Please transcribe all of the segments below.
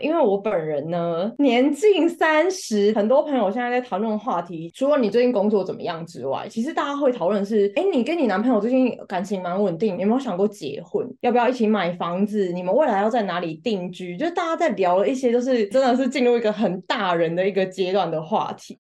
因為我本人呢，年近三十，很多朋友現在在討論的話題，除了你最近工作怎麼樣之外，其實大家會討論是，哎，你跟你男朋友最近感情蠻穩定，有沒有想過結婚？要不要一起買房子？你們未來要在哪裡定居？就是大家在聊了一些，就是真的是進入一個很大人的一個階段的話題。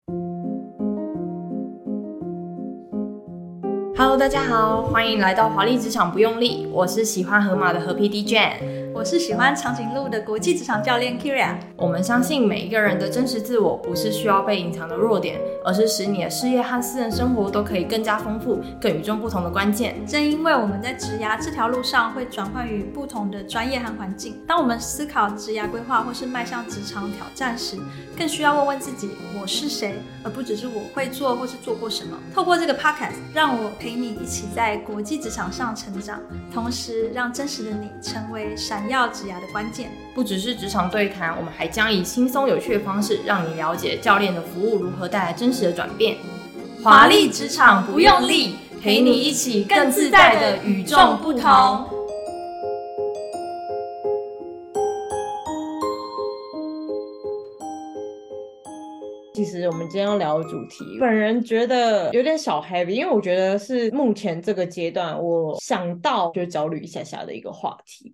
Hello，大家好，歡迎來到華麗職場不用力，我是喜歡河馬的河 PD Jane 我是喜歡長頸鹿的國際職場教練 Kyria。我們相信每一個人的真實自我不是需要被隱藏的弱點，而是使你的事業和私人生活都可以更加豐富、更與眾不同的關鍵。正因為我們在職涯這條路上會轉換於不同的專業和環境，當我們思考職涯規劃或是邁向職場挑戰時，更需要問問自己我是誰，而不只是我會做或是做過什麼。透過這個 Podcast，讓我陪你一起在國際職場上成長，同時讓真實的你成為閃。要職涯的關鍵，不只是職場對談，我們還將以輕鬆有趣的方式，讓你了解教練的服務如何帶來真實的轉變。華麗職場不用力，陪你一起更自在地與眾不同。其實，我們今天要聊的主題，本人覺得有點小 heavy，因為我覺得是目前這個階段，我想到就焦慮一下下的一個話題。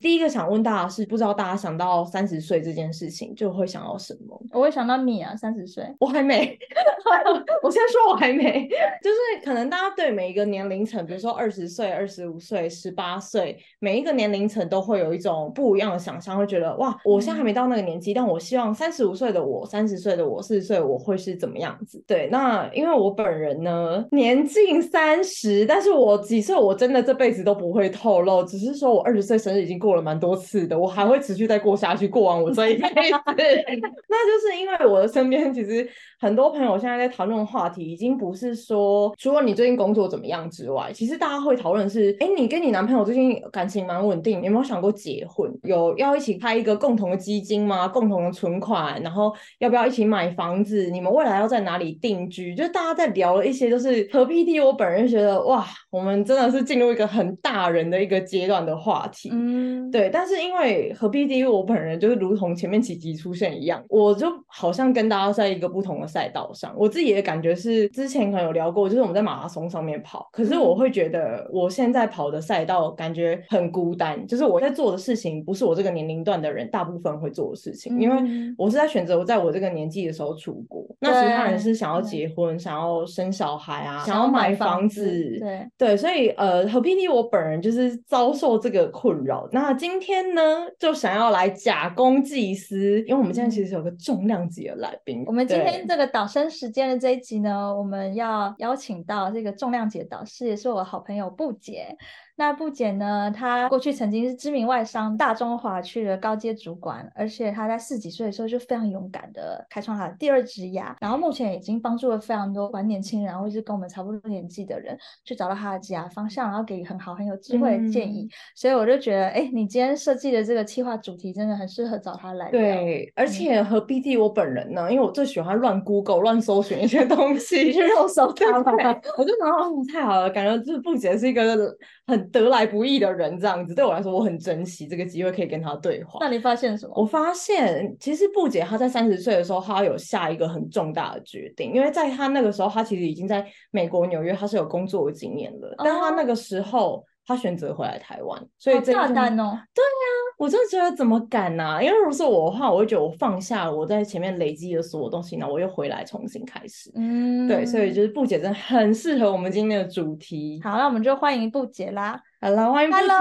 第一個，想問大家是不知道大家想到三十歲這件事情就會想到什麼？我會想到你啊，三十歲，我還沒， 我現在說我還沒，就是可能大家對每一個年齡層，比如說二十歲、二十五歲、十八歲，每一個年齡層都會有一種不一樣的想象，會覺得哇，我現在還沒到那個年紀。嗯、但我希望三十五歲的我、三十歲的我、四十歲我會是怎麼樣子？對，那因為我本人呢，年近三十，但是我幾歲我真的這輩子都不會透露，只是說我二十歲生日已經過過了蠻多次的，我還會持續再過下去。過完我這一輩子， 那就是因為我的身邊其實很多朋友現在在討論的話題，已經不是說除了你最近工作怎麼樣之外，其實大家會討論是：哎、欸，你跟你男朋友最近感情蠻穩定，你有沒有想過結婚？有要一起開一個共同的基金嗎？共同的存款，然後要不要一起買房子？你們未來要在哪裡定居？就是大家在聊了一些，就是和 P T。我本人覺得哇，我們真的是進入一個很大人的一個階段的話題。嗯。對，但是因為和 P D，我本人就是如同前面幾集出現一樣，我就好像跟大家在一個不同的賽道上。我自己的感覺是，之前可能有聊過，就是我們在馬拉松上面跑，可是我會覺得我現在跑的賽道感覺很孤單，嗯、就是我在做的事情不是我這個年齡段的人大部分會做的事情，嗯、因為我是在選擇我在我這個年紀的時候出國，啊、那其他人是想要結婚、嗯、想要生小孩啊，想要買房子，對對，所以呃，和 P D 我本人就是遭受這個困擾，那。今天呢，就想要來假公濟私，因為我們現在其實有個重量級的來賓。我們今天這個導生時間的這一集呢，我們要邀請到這個重量級的導師，也是我的好朋友布姐。那布簡呢？他過去曾經是知名外商大中華區的高階主管，而且他在十幾歲的時候就非常勇敢開的開創了第二支牙，然後目前已經幫助了非常多年輕人，或者是跟我們差不多年紀的人，去找到他的牙方向，然後給很好很有機會的建議。嗯、所以我就覺得，哎、欸，你今天設計的這個企劃主題真的很適合找他來。對，而且和 B D 我本人呢，嗯、因為我最喜歡亂 Google、亂搜尋一些東西去入手， 收收他。不對？我就想哦，太好了，感覺就是布簡是一個很。得來不易的人這樣子，對我來說，我很珍惜這個機會可以跟他對話。那你發現什麼？我發現其實布姐她在三十歲的時候，她有下一個很重大的決定，因為在她那個時候，她其實已經在美國紐約，她是有工作的經驗了，但她那個時候。Oh. 他選擇回來台灣，所以炸彈哦，對呀、啊，我真的覺得怎麼敢呢、啊？因為如果是我的話，我會覺得我放下了我在前面累積的所有東西呢，然後我又回來重新開始，嗯，對，所以就是布姐真的很適合我們今天的主題。好，那我們就歡迎布姐啦。Hello，歡迎布姐，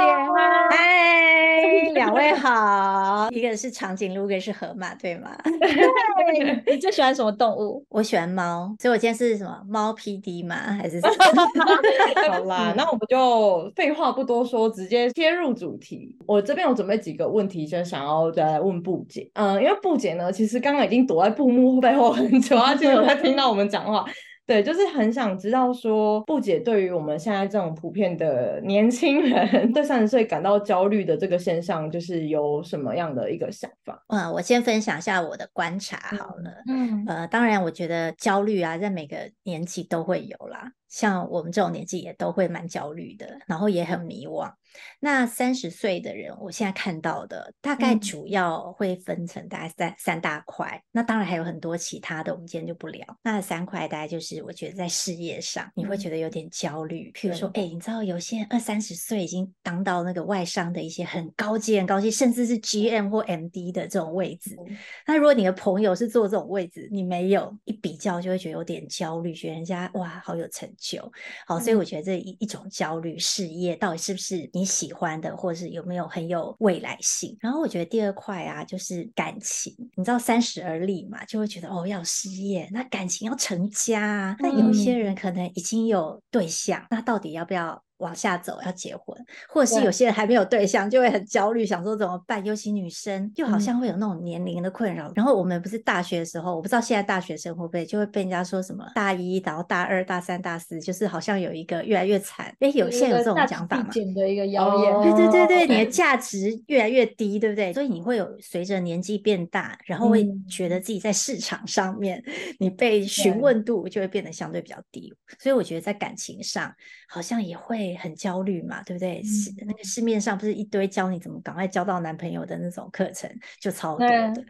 哎，Hello, Hi, 兩位好， 一個是長頸鹿，一個是河馬，對嗎？ 你最喜歡什麼動物？我喜歡貓，所以我今天是什麼貓 P D 嗎？還是什麼？ 好啦， 嗯、那我們就廢話不多說，直接切入主題。我這邊有準備幾個問題，就想要再來問布姐。嗯，因為布姐呢，其實剛剛已經躲在布幕背後很久，而且有在聽到我們講話。 對，就是很想知道說，布姐對於我們現在這種普遍的年輕人對三十歲感到焦慮的這個現象，就是有什麼樣的一個想法？嗯，我先分享一下我的觀察好了。嗯，嗯呃，當然，我覺得焦慮啊，在每個年紀都會有啦，像我們這種年紀也都會蠻焦慮的，然後也很迷惘。嗯那三十歲的人，我現在看到的大概主要會分成大概三三大塊。嗯、那當然還有很多其他的，我們今天就不聊。那三塊大概就是，我覺得在事業上你會覺得有點焦慮。譬、嗯、如說，哎、欸，你知道有些人二三十歲已經當到那個外商的一些很高級、很高級，甚至是 GM 或 MD 的這種位置。嗯、那如果你的朋友是坐這種位置，你沒有一比較就會覺得有點焦慮，覺得人家哇好有成就。好，所以我覺得這一,一種焦慮，事業到底是不是你喜歡的，或是有沒有很有未來性？然後我覺得第二塊啊，就是感情。你知道三十而立嘛，就會覺得哦，要事業，那感情要成家。那、嗯、有一些人可能已經有對象，那到底要不要？往下走要結婚，或者是有些人還沒有對象對就會很焦慮，想說怎麼辦？尤其女生又好像會有那種年齡的困擾。嗯、然後我們不是大學的時候，我不知道現在大學生會不會就會被人家說什麼大一，然後大二、大三、大四，就是好像有一個越來越慘。哎，有現在有這種講法嗎？對對對對，oh, okay. 你的價值越來越低，對不對？所以你會有隨着年紀變大，然後會覺得自己在市場上面，嗯、你被詢問度就會變得相對比較低。對所以我覺得在感情上好像也會。很焦慮嘛，對不對？市、嗯、那個市面上不是一堆教你怎麼趕快交到男朋友的那種課程，就超多的。嗯、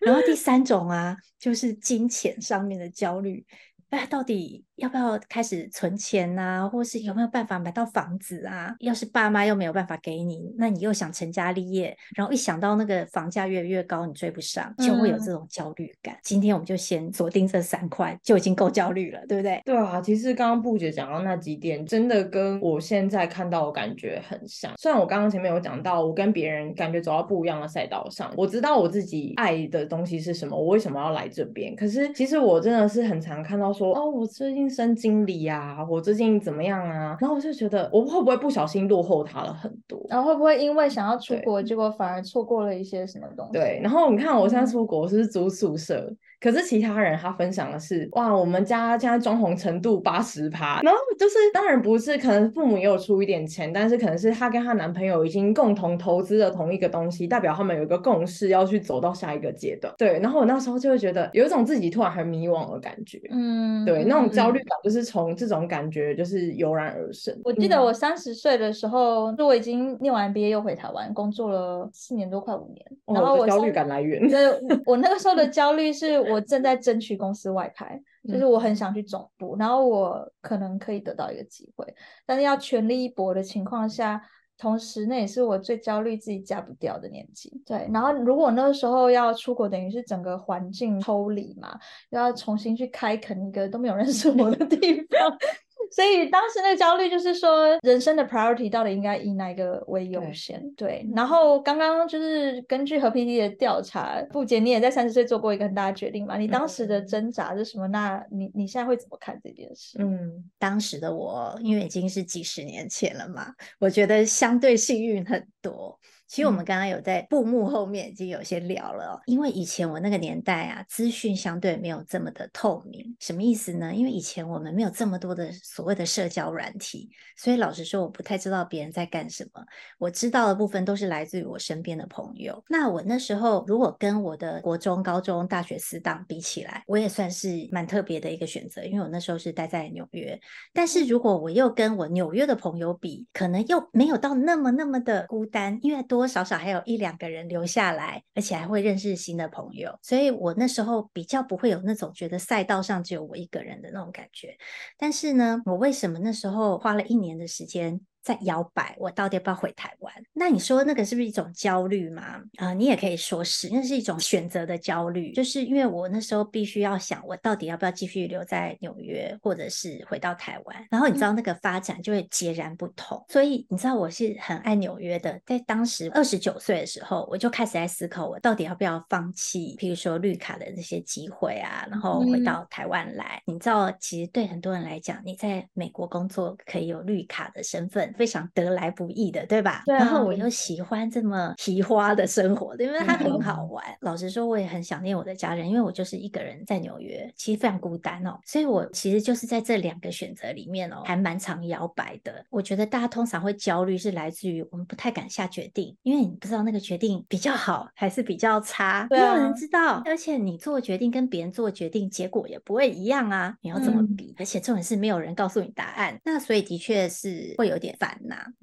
然後第三種啊， 就是金錢上面的焦慮，哎，到底要不要開始存錢吶、啊？或是有沒有辦法買到房子啊？要是爸媽又沒有辦法給你，那你又想成家立業，然後一想到那個房價越來越高，你追不上，就會有這種焦慮感。嗯、今天我們就先鎖定這三塊，就已經夠焦慮了，對不對？對啊，其實剛剛布姐講到那幾點，真的跟我現在看到的感覺很像。雖然我剛剛前面有講到，我跟別人感覺走到不一樣的賽道上，我知道我自己愛的東西是什麼，我為什麼要來這邊？可是其實我真的是很常看到說，哦，我最近。親身經歷呀、啊，我最近怎麼樣啊？然後我就覺得，我會不會不小心落後他了很多？然後、啊、會不會因為想要出國，結果反而錯過了一些什麼東西？對，然後你看，我現在出國、嗯、是租宿舍。可是其他人他分享的是哇，我們家現在裝潢程度八十趴，然後就是當然不是，可能父母也有出一點錢，但是可能是她跟她男朋友已經共同投資了同一個東西，代表他們有一個共識要去走到下一個階段。對，然後我那時候就會覺得有一種自己突然很迷惘的感覺，嗯，對，那種焦慮感就是從這種感覺就是油然而生。我記得我三十歲的時候，就我已經念完畢業又回台灣工作了四年多，快五年，嗯、然後我的焦慮感來源，對，我那個時候的焦慮是我。 我正在爭取公司外派，就是我很想去總部，嗯、然後我可能可以得到一個機會，但是要全力一搏的情況下，同時那也是我最焦慮自己嫁不掉的年紀。對，然後如果那個時候要出國，等於是整個環境抽離嘛，又要重新去開墾一個都沒有認識我的地方。 所以當時那個焦慮就是說，人生的 priority 到底應該以哪一個為優先？對，對。然後剛剛就是根據和 P D 的調查，布姐你也在三十歲做過一個很大的決定嘛？你當時的掙扎是什麼？嗯、那你你現在會怎麼看這件事？嗯，當時的我因為已經是幾十年前了嘛，我覺得相對幸運很多。其實我們剛剛有在布幕後面已經有些聊了哦，因為以前我那個年代啊，資訊相對沒有這麼的透明。什麼意思呢？因為以前我們沒有這麼多的所謂的社交軟體，所以老實說，我不太知道別人在幹什麼。我知道的部分都是來自於我身邊的朋友。那我那時候如果跟我的國中、高中、大學死黨比起來，我也算是蠻特別的一個選擇，因為我那時候是待在紐約。但是如果我又跟我紐約的朋友比，可能又沒有到那麼那麼的孤單，因為多。多多少少還有一兩個人留下來，而且還會認識新的朋友，所以我那時候比較不會有那種覺得賽道上只有我一個人的那種感覺。但是呢，我為什麼那時候花了一年的時間？在搖擺，我到底要不要回台灣？那你說那個是不是一種焦慮嘛？啊、呃，你也可以說是那是一種選擇的焦慮，就是因為我那時候必須要想，我到底要不要繼續留在紐約，或者是回到台灣？然後你知道那個發展就會截然不同。嗯、所以你知道我是很愛紐約的，在當時二十九歲的時候，我就開始在思考，我到底要不要放棄，比如說綠卡的這些機會啊，然後回到台灣來。嗯、你知道，其實對很多人來講，你在美國工作可以有綠卡的身份。非常得來不易的，對吧？對、啊。然後我又喜歡這麼提花的生活，對，因為它很好玩。嗯、老實說，我也很想念我的家人，因為我就是一個人在紐約，其實非常孤單哦。所以我其實就是在這兩個選擇裡面哦，還蠻常搖擺的。我覺得大家通常會焦慮，是來自於我們不太敢下決定，因為你不知道那個決定比較好還是比較差，啊、沒有人知道。而且你做決定跟別人做決定，結果也不會一樣啊，你要怎麼比？嗯、而且這件事沒有人告訴你答案，那所以的確是會有點。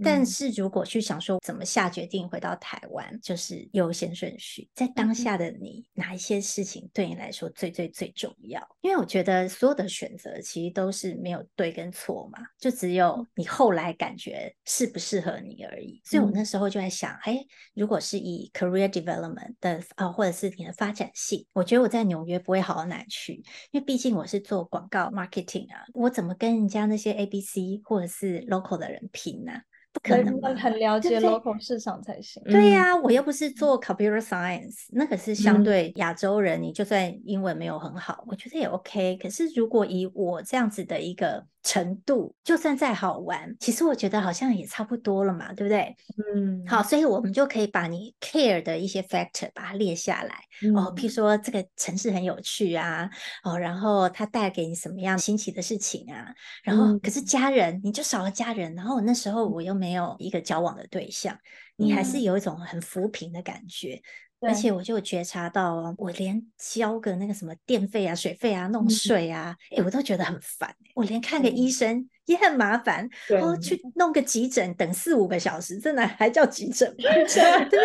但是如果去想說怎麼下決定回到台灣，嗯、就是優先順序，在當下的你、嗯、哪一些事情對你來說最最最重要？因為我覺得所有的選擇其實都是沒有對跟錯嘛，就只有你後來感覺適不適合你而已。所以我那時候就在想，哎、欸，如果是以 career development 的、啊、哦，或者是你的發展性，我覺得我在紐約不會好到哪去，因為畢竟我是做廣告 marketing 啊，我怎麼跟人家那些 ABC 或者是 local 的人拼？啊，不可能！很了解 local 市場才行。對呀，嗯啊，我又不是做 computer science，那可是相對亞洲人，你就算英文沒有很好，嗯，我覺得也 OK。可是如果以我這樣子的一個，程度就算再好玩，其實我覺得好像也差不多了嘛，對不對？嗯，好，所以我們就可以把你 care 的一些 factor 把它列下來、嗯、哦，譬如說這個城市很有趣啊，哦，然後它帶給你什麼樣新奇的事情啊，然後、嗯、可是家人你就少了家人，然後我那時候我又沒有一個交往的對象，你還是有一種很浮萍的感覺。嗯對而且我就覺察到，哦，我連交個那個什麼電費啊、水費啊、弄水啊，嗯欸、我都覺得很煩、欸。我連看個醫生也很麻煩，哦、嗯，然後去弄個急診，等四五個小時，這哪還叫急診嗎？對 對、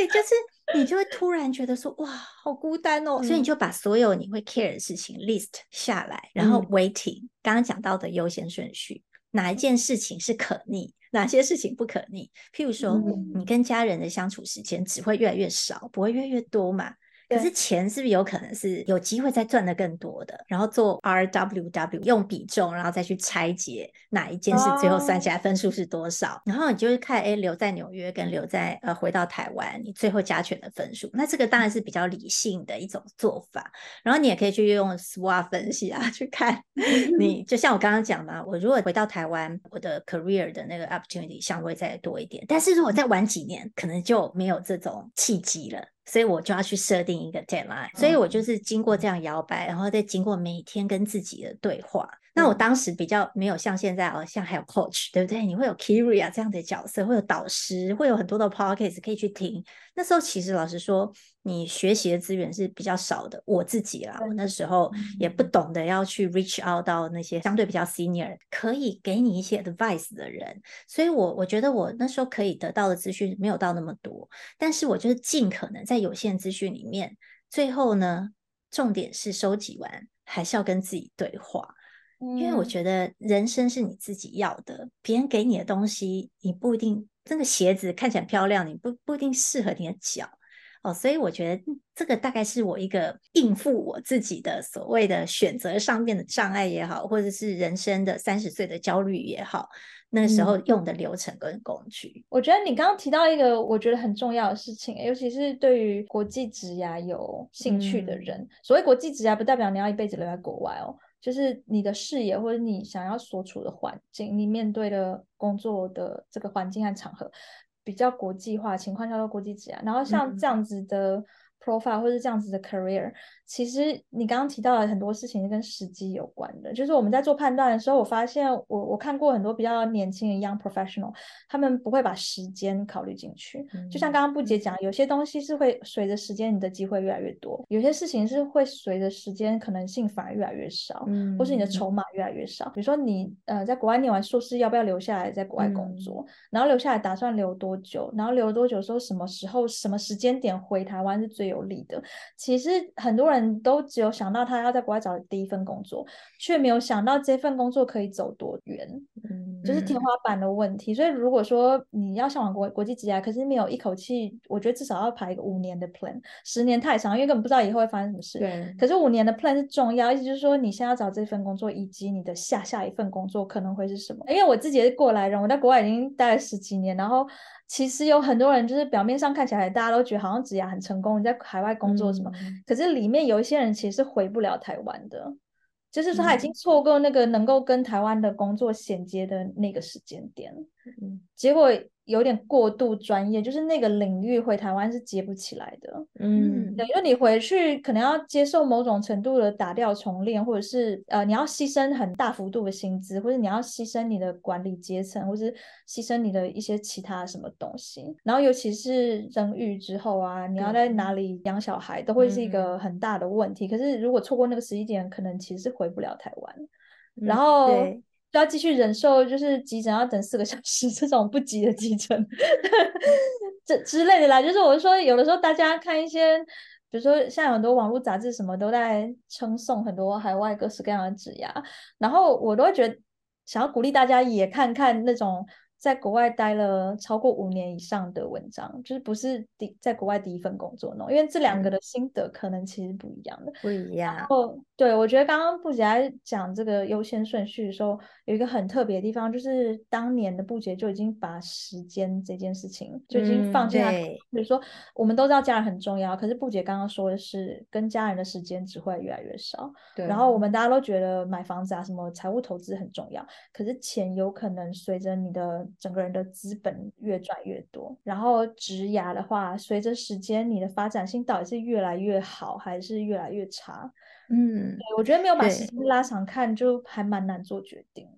對，就是你就會突然覺得說，哇，好孤單哦。嗯，所以你就把所有你會 care 的事情 list 下來，然後 waiting、嗯、剛剛講到的優先順序，哪一件事情是可逆？哪些事情不可逆？譬如說，你跟家人的相處時間只會越來越少，不會越來越多嘛。可是錢是不是有可能是有機會再賺得更多的？然後做 R W W 用比重，然後再去拆解哪一件事最後算下來分數是多少？Oh. 然後你就會看，哎、欸，留在紐約跟留在呃回到台灣，你最後加權的分數，那這個當然是比較理性的一種做法。然後你也可以去用 SWA 分析啊，去看 你就像我剛剛講嘛，我如果回到台灣，我的 career 的那個 opportunity 相會再多一點，但是如果再晚幾年，可能就沒有這種契機了。所以我就要去設定一個 deadline，所以我就是經過這樣搖擺，然後再經過每天跟自己的對話。那我當時比較沒有像現在哦，像還有 coach，對不對？你會有 Kyria 這樣的角色，會有導師，會有很多的 podcast 可以去聽。那時候其實老實說，你學習的資源是比較少的。我自己啦，我那時候也不懂得要去 reach out 到那些相對比較 senior 可以給你一些 advice 的人，所以我我覺得我那時候可以得到的資訊沒有到那麼多。但是我就是盡可能在有限資訊裡面，最後呢，重點是收集完還是要跟自己對話，因為我覺得人生是你自己要的，別人給你的東西你不一定。那個鞋子看起來漂亮，你不不一定適合你的腳。哦，所以我覺得這個大概是我一個應付我自己的所謂的選擇上面的障礙也好，或者是人生的三十歲的焦慮也好，那時候用的流程跟工具。嗯，我覺得你剛剛提到一個我覺得很重要的事情，尤其是對於國際職涯有興趣的人，嗯，所謂國際職涯不代表你要一輩子留在國外哦，就是你的視野或者你想要所處的環境，你面對的工作的這個環境和場合。比較國際化的情況下，都國際級啊。然後像這樣子的嗯嗯 profile 或者是這樣子的 career，其實你剛剛提到的很多事情跟時機有關的，就是我們在做判斷的時候，我發現我我看過很多比較年輕的 young professional，他們不會把時間考慮進去，就像剛剛布姐講，有些東西是會隨着時間你的機會越來越多，有些事情是會隨着時間可能性反而越來越少，mm hmm. 或是你的籌碼越來越少。比如說你呃在國外念完碩士，要不要留下來在國外工作？Mm hmm. 然後留下來打算留多久？然後留多久說什麼時候什麼時間點回台灣是最有？有利的，其實很多人都只有想到他要在國外找第一份工作，卻沒有想到這份工作可以走多遠，嗯，就是天花板的問題。所以如果說你要向往國國際職涯，可是沒有一口氣，我覺得至少要排一個五年的 plan，十年太長，因為根本不知道以後會發生什麼事。對，可是五年的 plan 是重要，意思就是說，你現在要找這份工作，以及你的下下一份工作可能會是什麼？因為我自己也是過來人，我在國外已經待了十幾年，然後。其實有很多人，就是表面上看起來，大家都覺得好像子牙很成功，你在海外工作什麼？嗯、可是裡面有一些人其實是回不了台灣的，就是說他已經錯過那個能夠跟台灣的工作銜接的那個時間點，嗯、結果。有點過度專業，就是那個領域回台灣是接不起來的。嗯，等於你回去可能要接受某種程度的打掉重練，或者是呃，你要犧牲很大幅度的薪資，或者你要犧牲你的管理階層，或者是犧牲你的一些其他什麼東西。然後尤其是生育之後啊，你要在哪裡養小孩，對都會是一個很大的問題。嗯，可是如果錯過那個時間點，可能其實是回不了台灣。嗯，然後。對要繼續忍受，就是急診要等四個小時，這種不急的急診，這之，之類的啦。就是我就說有的時候，大家看一些，比如說像很多網絡雜誌什麼都在稱頌很多海外各式各樣的指壓，然後我都會覺得想要鼓勵大家也看看那種。在國外待了超過五年以上的文章，就是不是第在國外第一份工作，因為這兩個的心得可能其實不一樣的。不一樣。然後，對，我覺得剛剛布姐在講這個優先順序的時候，有一個很特別的地方，就是當年的布姐就已經把時間這件事情、嗯、就已經放下了。就是對說，我們都知道家人很重要，可是布姐剛剛說的是跟家人的時間只會越來越少。對然後我們大家都覺得買房子啊，什麼財務投資很重要，可是錢有可能隨着你的。整個人的資本越賺越多，然後職涯的話，隨着時間你的發展性到底是越來越好還是越來越差？嗯，我覺得沒有把時間拉長看，對就還蠻難做決定。對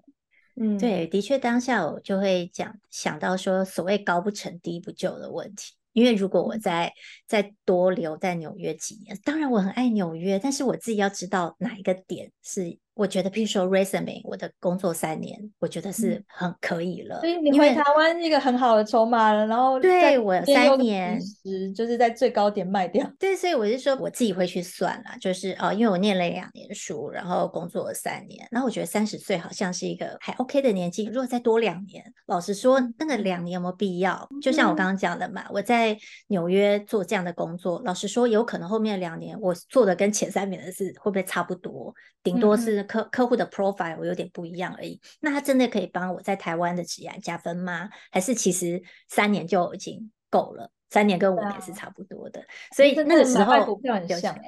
嗯，對，的確當下我就會講想到說所謂高不成低不就的問題，因為如果我在再多留在紐約幾年，當然我很愛紐約，但是我自己要知道哪一個點是。我覺得，譬如說 resume 我的工作三年，我覺得是很可以了。嗯、因為所以你回台灣是一個很好的籌碼了。為對然後，對我三年時就是在最高點賣掉。對，所以我就說我自己會去算了，就是哦，因為我念了兩年書，然後工作了三年，然後我覺得三十歲好像是一個還 OK 的年紀。如果再多兩年，老實說，那個兩年有沒有必要？就像我剛剛講的嘛，嗯、我在紐約做這樣的工作，老實說，有可能後面兩年我做的跟前三年的事會不會差不多？頂多是、嗯。客客戶的 profile 我有點不一樣而已，那他真的可以幫我在台灣的職涯加分嗎？還是其實三年就已經夠了？三年跟五年是差不多的，啊、所以那個時候個不就很像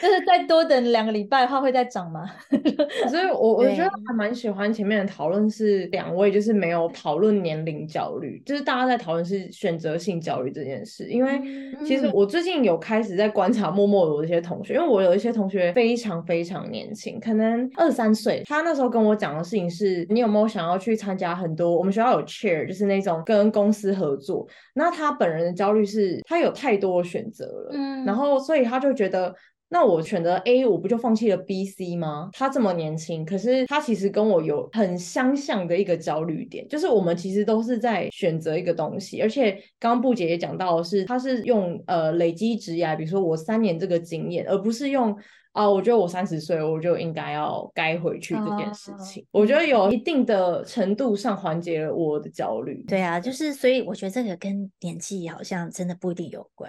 就是再多等兩個禮拜的話，會再漲嗎？ 所以我，我對我覺得還蠻喜歡前面的討論，是兩位就是沒有討論年齡焦慮，就是大家在討論是選擇性焦慮這件事。嗯、因為其實我最近有開始在觀察默默的我這些同學，嗯、因為我有一些同學非常非常年輕，可能二三歲。他那時候跟我講的事情是，你有沒有想要去參加，很多我們學校有 chair，就是那種跟公司合作。那他本人的焦慮是，他有太多選擇了，嗯、然後所以他就覺得。那我選擇 A，欸，我不就放棄了 B、C 嗎？他這麼年輕，可是他其實跟我有很相像的一個焦慮點，就是我們其實都是在選擇一個東西，而且剛剛布姐也講到的是他是用呃累積職涯，比如說我三年這個經驗，而不是用啊，我覺得我三十歲，我就應該要該回去這件事情。Oh. 我覺得有一定的程度上緩解了我的焦慮。對啊，就是所以我覺得這個跟年紀好像真的不一定有關。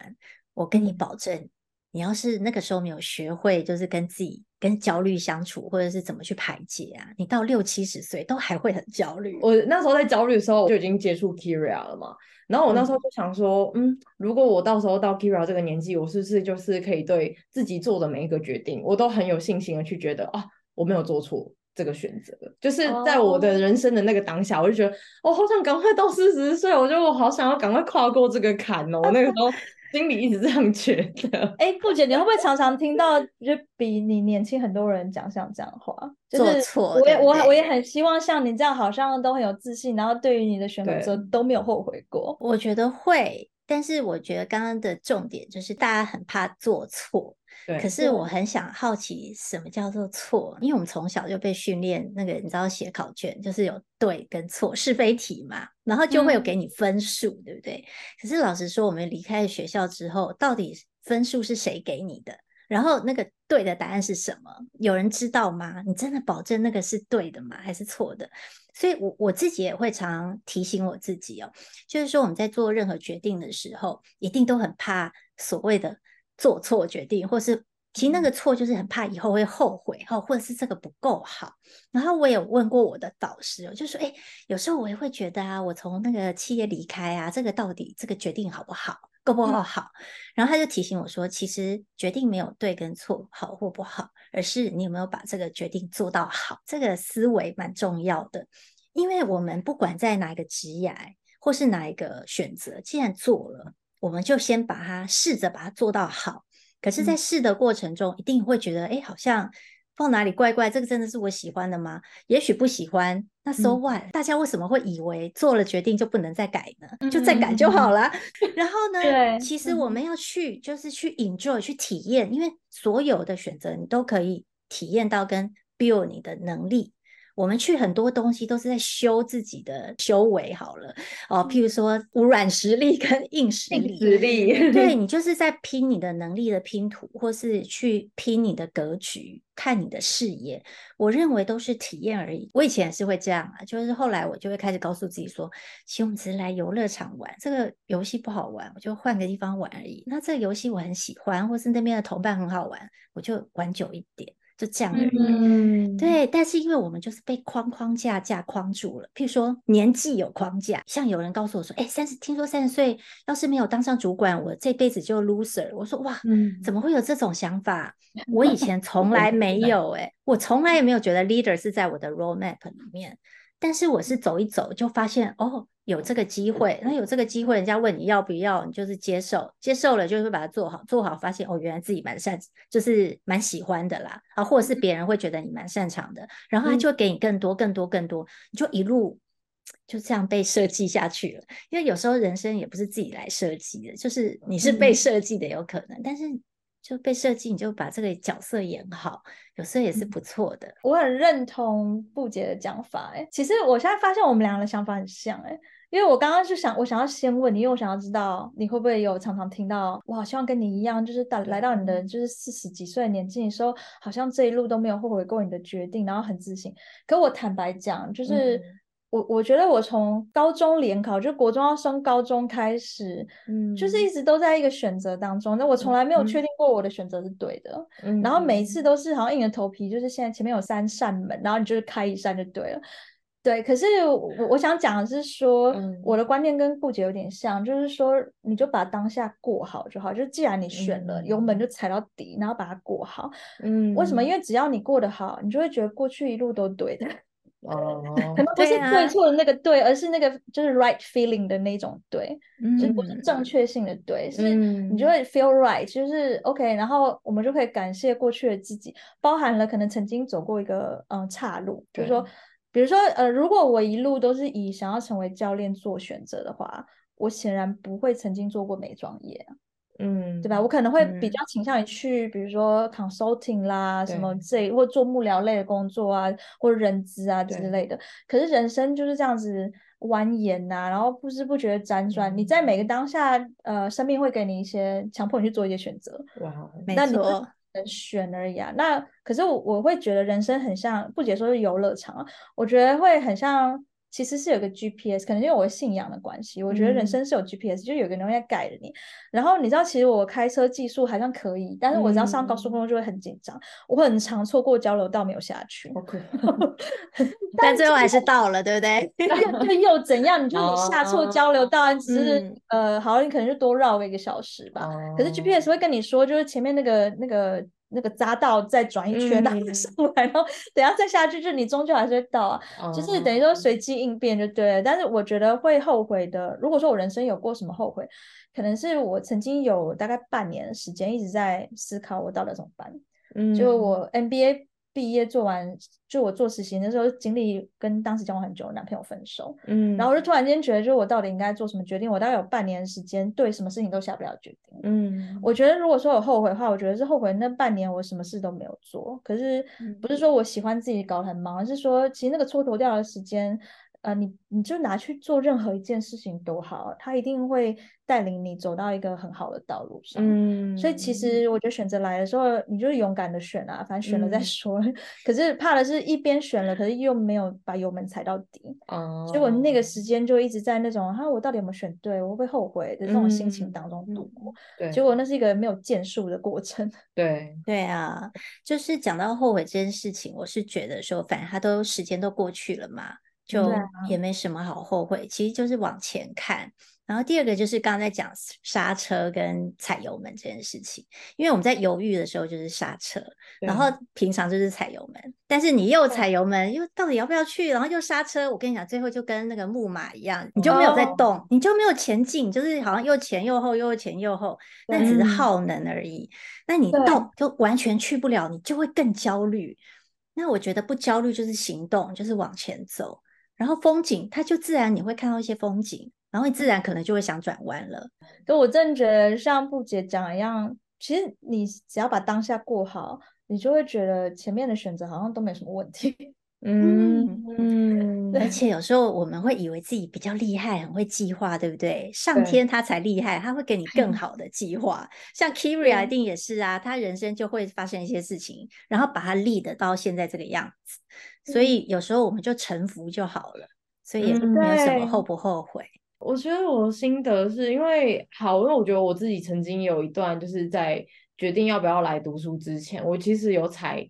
我跟你保證。你要是那個時候沒有學會，就是跟自己、跟焦慮相處，或者是怎麼去排解啊，你到六七十歲都還會很焦慮。我那時候在焦慮的時候，我就已經接觸 Kyria 了嘛。然後我那時候就想說，嗯，嗯，如果我到時候到 Kyria 這個年紀，我是不是就是可以對自己做的每一個決定，我都很有信心的去覺得啊，我沒有做錯。這個選擇，就是在我的人生的那個當下，oh. 我就覺得，我好想趕快到四十歲，我覺得我好想要趕快跨過這個坎哦。我 那個時候心裡一直這樣覺得、 欸。哎，布姐，你會不會常常聽到就比你年輕很多人講像這樣的話？ 就是我，錯對對我也我我也很希望像你這樣，好像都很有自信，然後對於你的選擇都沒有後悔過。我覺得會。但是我覺得剛剛的重點就是大家很怕做錯，對可是我很想好奇，什麼叫做錯？對因為我們從小就被訓練，那個你知道寫考卷就是有對跟錯，是非題嘛，然後就會有給你分數，嗯、對不對？可是老實說，我們離開了學校之後，到底分數是誰給你的？然後那個對的答案是什麼？有人知道嗎？你真的保證那個是對的嗎？還是錯的？所以我，我我自己也會常提醒我自己哦，就是說我們在做任何決定的時候，一定都很怕所謂的做錯決定，或是其實那個錯就是很怕以後會後悔哈，或者是這個不夠好。然後我也有問過我的導師，哦，就說，哎，有時候我也會覺得啊，我從那個企業離開啊，這個到底這個決定好不好？夠不夠好，好？然後他就提醒我說：“其實決定沒有對跟錯，好或不好，而是你有沒有把這個決定做到好。這個思維蠻重要的，因為我們不管在哪一個職業，或是哪一個選擇，既然做了，我們就先把它試着把它做到好。可是，在試的過程中，一定會覺得，哎，好像。”放哪裡？怪怪，這個真的是我喜歡的嗎？也許不喜歡。那 So what？、嗯、大家為什麼會以為做了決定就不能再改呢？嗯、就再改就好了。嗯、 然後呢？對，其實我們要去，就是去 enjoy，去體驗，因為所有的選擇你都可以體驗到，跟 build 你的能力。我們去很多東西都是在修自己的修為，好了哦，譬如說無軟實力跟硬實力，實力 對，你就是在拼你的能力的拼圖，或是去拼你的格局，看你的視野。我認為都是體驗而已。我以前也是會這樣啊，就是後來我就會開始告訴自己說，其實我們只是來遊樂場玩，這個遊戲不好玩，我就換個地方玩而已。那這個遊戲我很喜歡，或是那邊的同伴很好玩，我就玩久一點。就這樣的人、欸，嗯、對。但是因為我們就是被框框架架框住了，譬如說年紀有框架，像有人告訴我說：“哎、欸，三十，聽說三十歲要是沒有當上主管，我這輩子就 loser。”我說：“哇，嗯、怎麼會有這種想法？我以前從來沒有哎、欸， 我從來也沒有覺得 leader 是在我的 road map 裡面，但是我是走一走就發現哦。”有這個機會，那有這個機會，人家問你要不要，你就是接受，接受了就會把它做好，做好發現哦，原來自己蠻善，就是蠻喜歡的啦啊，或者是別人會覺得你蠻擅長的，然後他就給你更多、更多、更多，你就一路就這樣被設計下去了。因為有時候人生也不是自己來設計的，就是你是被設計的，有可能，嗯，但是。就被設計，你就把這個角色演好，有時候也是不錯的，嗯。我很認同布姐的講法，欸，哎，其實我現在發現我們兩個的想法很像，欸，哎，因為我剛剛是想，我想要先問你，因為我想要知道你會不會有常常聽到，我好希望跟你一樣，就是到來到你的就是四十幾歲年紀的時候，好像這一路都沒有後悔過你的決定，然後很自信。可我坦白講，就是。嗯我我覺得我從高中聯考，就國中要升高中開始，嗯、就是一直都在一個選擇當中，那我從來沒有確定過我的選擇是對的，嗯、然後每一次都是好像硬着頭皮，就是現在前面有三扇門，然後你就是開一扇就對了，對。可是我我想講的是說，嗯、我的觀念跟布姐有點像，就是說你就把當下過好就好，就是既然你選了油門就踩到底，然後把它過好，嗯，為什麼？因為只要你過得好，你就會覺得過去一路都對的。哦，可能、oh, 不是對錯的那個對，對啊、而是那個就是 right feeling 的那種對，嗯，就是不是正確性的對，嗯、是你就會 feel right，、嗯、就是 OK，然後我們就可以感謝過去的自己，包含了可能曾經走過一個嗯岔路，就是說，比如說，對比如說呃，如果我一路都是以想要成為教練做選擇的話，我顯然不會曾經做過美妝業。嗯，對吧？我可能會比較傾向於去，嗯、比如說 consulting 啦，對什麼這或做幕僚類的工作啊，或人資啊之類的。對可是人生就是這樣子蜿蜒吶、啊，然後不知不覺的輾轉。嗯、你在每個當下，呃，生命會給你一些強迫你去做一些選擇。哇，沒錯，那你選而已啊。那可是我，我會覺得人生很像，不只說是遊樂場，我覺得會很像。其實是有個 GPS，可能因為我信仰的關係，我覺得人生是有 GPS，、嗯、就有個人西在改着你。然後你知道，其實我開車技術還算可以，但是我只要上高速公路就會很緊張，我很常錯過交流道沒有下去。但最後還是到了，對不對？又 又怎樣？你就你下錯交流道，只、oh, oh, 是、um, 呃，好，你可能就多繞了一個小時吧。Oh. 可是 GPS 會跟你說，就是前面那個那個。那個匝道再轉一圈，再上來，嗯、然後等下再下去，就你終究還是會到啊，嗯、就是等於說隨機應變就對了。但是我覺得會後悔的。如果說我人生有過什麼後悔，可能是我曾經有大概半年的時間一直在思考我到底怎麼辦。嗯，就我 MBA。畢業做完，就我做實習的時候，經歷跟當時交往很久的男朋友分手，嗯，然後我就突然間覺得，就我到底應該做什麼決定？我大概有半年時間，對什麼事情都下不了決定，嗯，我覺得如果說我後悔的話，我覺得是後悔那半年我什麼事都沒有做，可是不是說我喜歡自己搞得很忙，嗯，而是說其實那個蹉跎掉的時間。啊、呃，你你就拿去做任何一件事情都好，他一定會帶領你走到一個很好的道路上。嗯，所以其實我覺得選擇來的時候，你就勇敢的選啊，反正選了再說。嗯、可是怕的是一邊選了，嗯、可是又沒有把油門踩到底，哦，結果那個時間就一直在那種哈、啊，我到底有沒有選對？我會不會後悔的那種心情當中度過。對、嗯，結果那是一個沒有建樹的過程。對， 對啊，就是講到後悔這件事情，我是覺得說，反正他都時間都過去了嘛。就也沒什麼好後悔，啊、其實就是往前看。然後第二個就是剛剛在講剎車跟踩油門這件事情，因為我們在猶豫的時候就是剎車，對然後平常就是踩油門。但是你又踩油門，對又到底要不要去？然後又剎車。我跟你講，最後就跟那個木馬一樣，你就沒有在動，oh. 你就沒有前進，就是好像又前又後，又前又後，那只是耗能而已。對那你動就完全去不了，你就會更焦慮。對那我覺得不焦慮就是行動，就是往前走。然後風景，它就自然你會看到一些風景，然後你自然可能就會想轉彎了。所以我真覺得像布姐講一樣，其實你只要把當下過好，你就會覺得前面的選擇好像都沒什麼問題。嗯嗯，而且有時候我們會以為自己比較厲害，很會計劃，對不對？上天他才厲害，對他會給你更好的計劃。嗯、像 Kyria 一定也是啊，嗯、他人生就會發生一些事情，然後把他立得到現在這個樣子。嗯、所以有時候我們就臣服就好了，嗯、所以也沒有什麼後不後悔。我覺得我的心得是因為好，因為我覺得我自己曾經有一段就是在決定要不要來讀書之前，我其實有踩。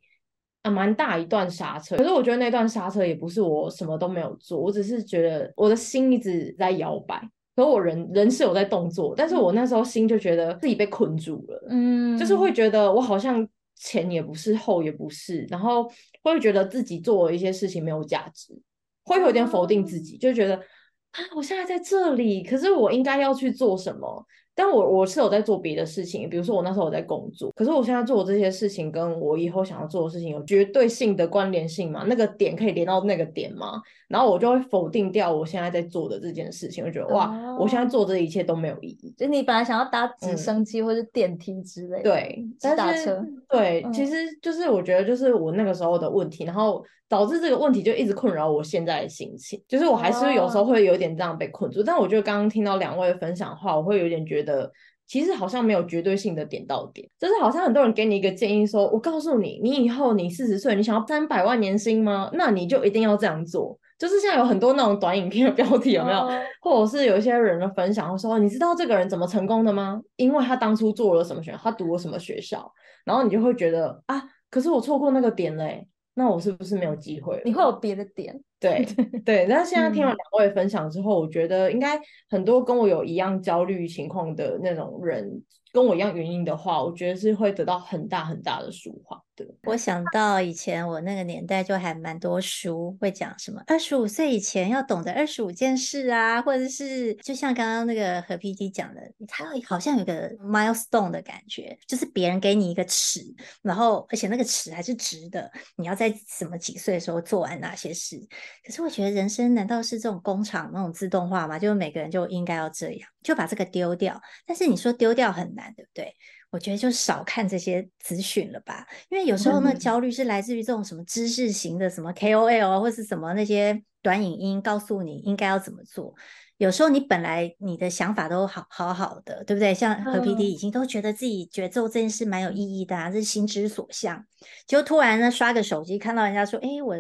啊，蠻大一段剎車，可是我覺得那段剎車也不是我什麼都沒有做，我只是覺得我的心一直在搖擺，可我人人是有在動作，但是我那時候心就覺得自己被困住了，嗯，就是會覺得我好像前也不是後也不是，然後會覺得自己做一些事情沒有價值，會有點否定自己，就覺得啊，我現在在這裡，可是我應該要去做什麼？但我我是有在做別的事情，比如說我那時候我在工作，可是我現在做的這些事情跟我以後想要做的事情有絕對性的關聯性嘛？那個點可以連到那個點嘛。然後我就會否定掉我現在在做的這件事情，我覺得哇，哦、我現在做這一切都沒有意義。就你本來想要搭直升機、嗯、或者電梯之類的，對，搭車、嗯，對，其實就是我覺得就是我那個時候的問題，然後導致這個問題就一直困擾我現在的心情，就是我還是有時候會有點這樣被困住。哦、但我覺得剛剛聽到兩位分享的話，我會有點覺得。的其實好像沒有絕對性的點到點，就是好像很多人給你一個建議說，我告訴你，你以後你四十歲，你想要三百萬年薪嗎？那你就一定要這樣做。就是現在有很多那種短影片的標題有沒有，或者是有一些人的分享說，你知道這個人怎麼成功的嗎？因為他當初做了什麼選，他讀了什麼學校，然後你就會覺得啊，可是我錯過那個點嘞，那我是不是沒有機會？你會有別的點。 對對，那現在聽了兩位分享之後，嗯、我覺得應該很多跟我有一樣焦慮情況的那種人，跟我一樣原因的話，我覺得是會得到很大很大的舒緩。對，我想到以前我那個年代就還蠻多書會講什麼二十五歲以前要懂得二十五件事啊，或者是就像剛剛那個何皮基講的，你才好像有個 milestone 的感覺，就是別人給你一個尺，然後而且那個尺還是直的，你要在什麼幾歲的時候做完哪些事。可是我覺得人生難道是這種工廠那種自動化嗎？就是每個人就應該要這樣，就把這個丟掉。但是你說丟掉很難，對不對？我覺得就少看這些資訊了吧，因為有時候那焦慮是來自於這種什麼知識型的，嗯，什麼 KOL 啊，或是什麼那些短影音告訴你應該要怎麼做。有時候你本來你的想法都好好好的，對不對？像何 PD 已經都覺得自己覺得這件事蠻有意義的啊，這是心之所向。就突然呢刷個手機看到人家說，哎我。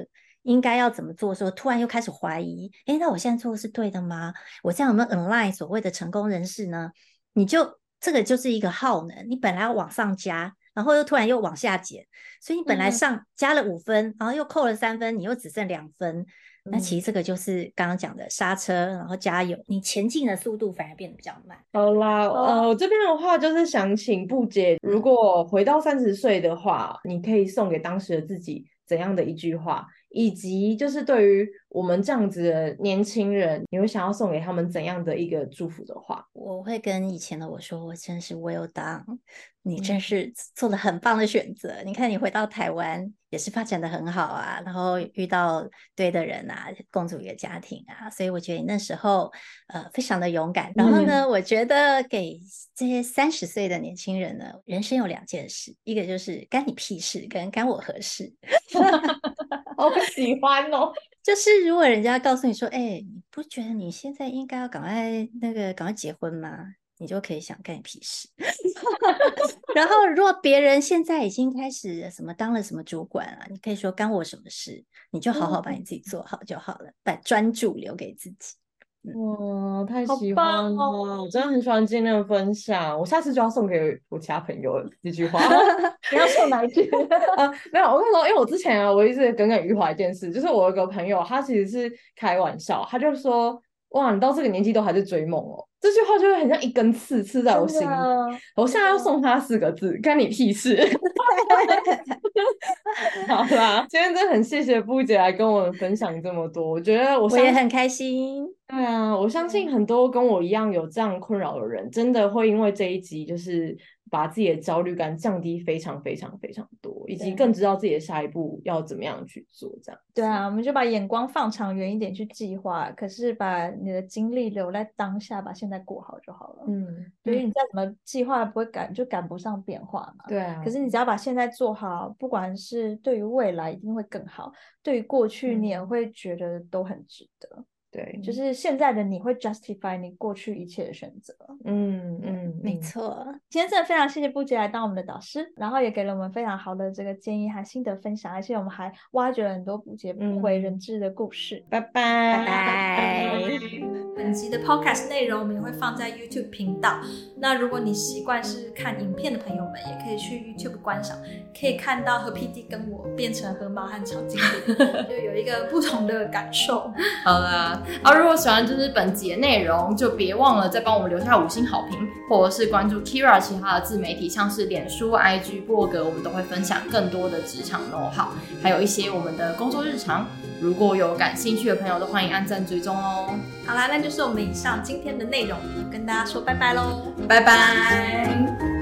應該要怎麼做說？說，突然又開始懷疑，哎、欸，那我現在做的是對的嗎？我這樣有沒有 online 所謂的成功人士呢？你就這個就是一個耗能，你本來要往上加，然後又突然又往下減，所以你本來上、嗯、加了五分，然後又扣了三分，你又只剩兩分。嗯、那其實這個就是剛剛講的剎車，然後加油，你前進的速度反而變得比較慢。好啦，嗯、呃，我這邊的話就是想請布姐，如果回到三十歲的話，你可以送給當時的自己怎樣的一句話，以及就是對於我們這樣子的年輕人，你會想要送給他們怎樣的一個祝福的話？我會跟以前的我說：“我真是 well done，你真是做了很棒的選擇。嗯、你看，你回到台灣。”也是發展得很好啊，然後遇到對的人啊，共組一個家庭啊，所以我覺得那時候呃非常的勇敢。然後呢，嗯、我覺得給這些三十歲的年輕人呢，人生有兩件事，一個就是幹你屁事，跟幹我何事？我 不喜歡哦，就是如果人家告訴你說，哎，你不覺得你現在應該要趕快那個趕快結婚嗎？你就可以想干屁事， 然後如果別人現在已經開始什麼當了什麼主管了，啊，你可以說干我什麼事？你就好好把你自己做好就好了，嗯、把專注留給自己。哇，太喜歡了！哦、我真的很喜歡今天的分享，我下次就要送給我其他朋友一句話。 你要送哪一句？ 啊、沒有，我跟你說，因為我之前啊，我一直耿耿於懷一件事，就是我一個朋友，他其實是開玩笑，他就說。哇，你到這個年紀都還在追夢哦、喔，這句話就會很像一根刺刺在我心裡。啊、我現在要送他四個字，關你屁事。 好啦，今天真的很謝謝布姐來跟我分享這麼多，我覺得我我也很開心。對啊，我相信很多跟我一樣有這樣困擾的人，真的會因為這一集就是。把自己的焦慮感降低非常非常非常多，以及更知道自己的下一步要怎麼樣去做，這樣。對啊，我們就把眼光放長遠一點去計劃，可是把你的精力留在當下，把現在過好就好了。嗯，所以你再怎麼計劃不會趕，就趕不上變化嘛。對啊。可是你只要把現在做好，不管是對於未來一定會更好，對於過去你也會覺得都很值得。對。嗯，就是現在的你會 justify 你過去一切的選擇。嗯嗯。嗯錯，今天真的非常謝謝布姐來當我們的導師，然後也給了我們非常好的這個建議和心得分享，而且我們還挖掘了很多布姐不為人知的故事。拜拜、嗯，拜拜。本集的 podcast 內容我們也會放在 YouTube 頻道，那如果你習慣是看影片的朋友們，也可以去 YouTube 觀賞，可以看到和 PD 跟我變成和馬和超級，就有一個不同的感受。 好了，啊，如果喜歡這是本集的內容，就別忘了再幫我們留下五星好評，或者是關注 Kyria 其他的自媒體，像是臉書、IG、博客，我們都會分享更多的職場 know how，還有一些我們的工作日常。如果有感興趣的朋友，都歡迎按讚追蹤哦。好啦，那就是我們以上今天的內容，跟大家說拜拜嘍，拜拜。